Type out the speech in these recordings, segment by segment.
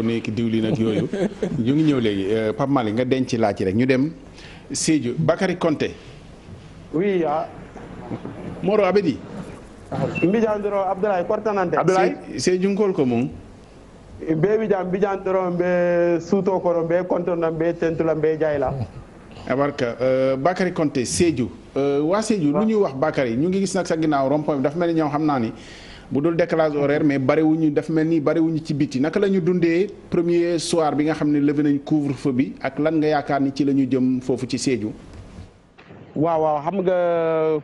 nekk diwlin ak yooyu ñu ngi ñëw léegi euh, Pape Malick nga denc laaj rek ñu dem Sédhiou Bakary Konté oui a ah. Moro Abedi mbijandoro Abdoulaye kortanante ko moom be wijam mbijandoro mbe suuto koro mbe kontorna mbe tentula mbe jayla abarka ah, euh, Bakary Konté Sédhiou euh, waa Sédhiou lu ñuy wax Bakary ñu ngi gis nag sa ginnaaw rond-point bi dafa mel ni xam naa ni bu dul décalage horaire mais bariwuñu daf mel ni bariwuñu ci biti naka la dundee premier soir bi nga xam ne levé nañ couvre feu bi ak lan nga yaakaar ni ci lañu jëm foofu ci Sédhiou. waaw waaw xam nga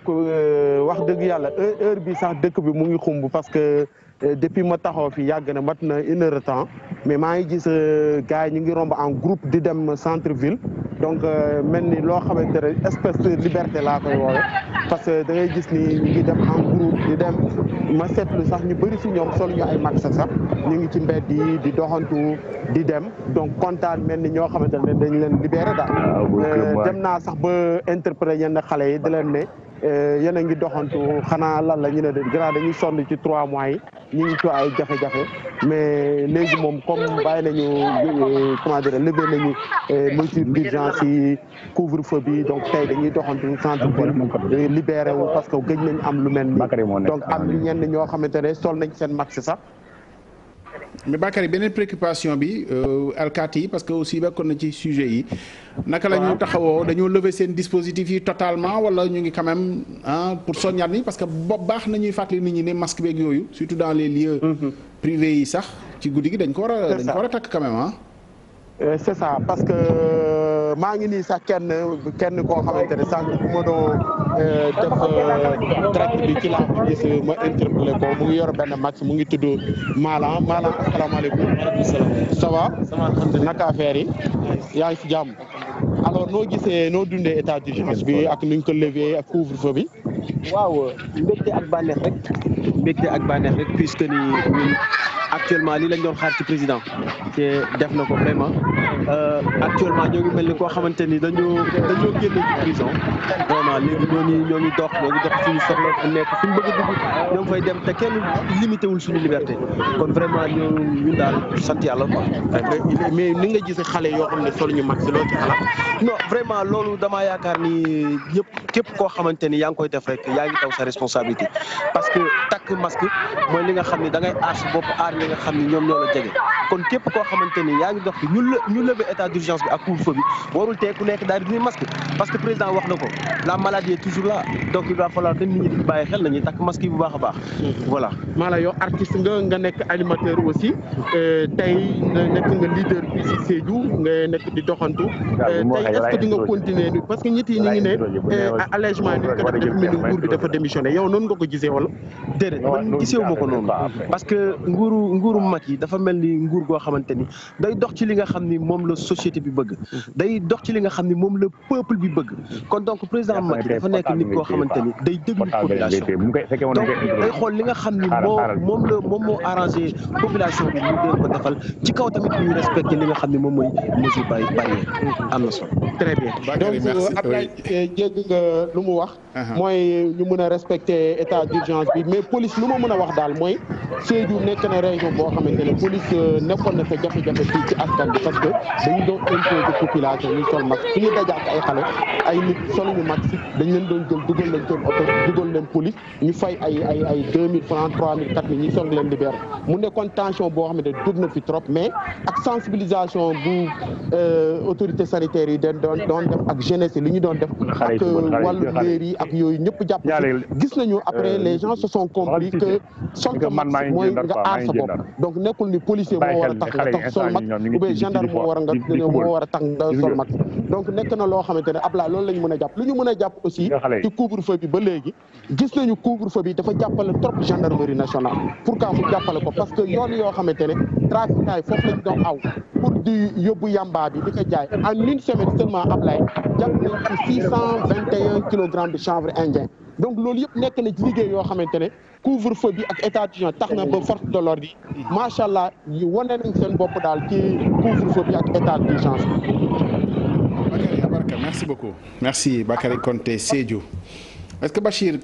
euh, wax dëgg yàlla heure bi sax dëkk bi mu ngi xumb parce que euh, depuis ma taxaw fi yàgg na mat na une temps mais maa ngi gis euh, gars yi ñu ngi romb en groupe di dem centre ville donc mel ni loo xamante ne espèce de liberté laa koy woowe parce que da ngay gis ni dem en dem ma seetlu sax ñu bëri si ñoom sol ñu ay max sax ñu ngi ci mbedd yi di doxantu di dem donc kontaan mel ni ñoo xamante ne dañ leen libéré daal ah, euh, dem naa sax ba interpréter yenn xale yi di leen ne Eh, yéen a ngi doxantu xanaa lan la ñu ne de gannaaw dañuy sonn ci trois mois yi ñu ngi ci ay jafe-jafe mais léegi moom comme bàyyi nañu eh, comment dire levé nañu eh, mesure d'urgence yi couvre-feu bi donc tey dañuy doxantu centre bi libéré wu parce que gëj nañ am lu mel ni donc am ñenn ñoo xamante ne sol nañ seen max sax mais Bakary beneen préoccupation bi euh, alkaati yi parce que aussi bokkoon na ci sujet yi. naka la ñu taxawoo dañoo lever seen dispositif yi totalement wala ñu ngi quand pour soññaat ni parce que bopp baax na ñuy fàttali nit ñi ne masque beeg yooyu surtout dans les lieux. Mhm. privés yi sax ci guddi gi dañ ko war a. dañ ko war a takk quand ah. c'est ça parce que. maa ngi nii sax kenn kenn koo xamante ne sànq bu euh, def euh, direct bi ci ma interpellé ko mu ngi yor benn max mu ngi tudd Malang Malang asalaamaaleykum. ça yi. yaa ngi si jàmm. alors noo gisee noo dundee état d'urgence bi ak nuñ ko lever ak couvre-feu bi. waaw mbégte ak bànneex rek. mbégte ak bànneex rek puisque ni ñun actuellement li te def na ko vraiment. Euh, actuellement ñoo ngi mel ni koo xamante ni dañoo dañoo génn ci prison vraiment ñoo ngi dox ñoo def dox suñu soxla fu nekk fu bëgg dugg ñoo dem te kenn limité wul suñu liberté kon vraiment ñoo ñun daal sant yàlla quoi. mais ni nga gis xale yoo xam ne solo ñu mag si loo ci xalaat. non vraiment loolu damaa yaakaar ni ñëpp képp koo xamante ni yaa ngi koy def rek yaa ngi taw sa responsabilité parce que takk masque mooy li nga xam ne da ngay aar sa bopp aar li nga xam ni ñoom ñoo la jege. kon képp koo xamante ni yaa ngi dox bi ñu ñu lever état d'urgence bi ak couvre-feu warul tee ku nekk daal di dindi parce que président wax na ko la maladie est toujours là donc il va falloir que nit ñi di bàyyi xel a baax mhm. voilà la yow nga nga nekk animateur aussi euh, tey nga nekk nga leader bi si Sédhiou nga nekk di doxantu euh, tey est-ce que di nga continuer parce que ñit yi ñu ngi ne allègement euh, ni nguur bi dafa démissionné yow noonu nga ko gisee wala déedéet man ma ko noonu parce que nguuru nguuru yi dafa mel ni nguur goo xamante ni day dox ci li nga xam ni moom la société bi bëgg day dox ci li nga xam ni moom la peuple bi bëgg kon donc président Macky dafa nekk nit koo xamante ni day déglu population donc day xool li nga xam ni moo moom la moom moo arrangé population bi ñu ko defal ci kaw tamit ñuy respecté li nga xam ni moom mooy mesure bari barrière am na solo très bien donc euh, Abdoulaye jégg euh, nga lu mu wax uh-huh. mooy ñu mën a respecté état d'urgence bi mais police lu ma mën a wax daal mooy Sédhiou nekk na région boo xamante ne police nekkoon na fa jafe-jafe fii ci askan bi parce que dañu doon imposer population ñu sol masque su ñu dajaat ay xale ay nit soluñu masque dañ leen doon jël dugal leen seen oto dugal leen police ñu fay ay ay ay deux mille francs trois mille quatre mu nekkoon tension boo xamante ne dugg na fi trop mais ak sensibilisation bu autorité sanitaire yi dañ doon doon def ak jeunesse yi li ñu doon def ak wàllu mairie yi ak yooyu ñëpp jàpp gis nañu après les gens se mooy nga aar sa bopp donc nekkul ni policier moo war a tax nga tax sol mag gendarme moo war a a tax nga sol donc nekk na loo xamante ne Ablaye loolu lañ mën a jàpp lu ñu mën a jàpp aussi ci couvre feu bi ba léegi gis nañu couvre feu bi dafa jàppale trop gendarmerie nationale pourquoi mu jàppale ko parce que yoon yoo xamante ne trafiquants yi foofu lañ doon aw pour di yóbbu yamba di ko jaay en une semaine seulement Ablaye jàpp nañ kilogrammes de chanvre indien donc loolu yëpp nekk na ci liggéey yoo xamante ne couvre feu bi ak état d'urgence tax na ba force de l'ordre yi macha allah ñu wane nañ seen daal ci couvre feu bi ak état d'urgence Bakary Abarka merci beaucoup merci Bakary conté Sédhiou est-ce que Bachir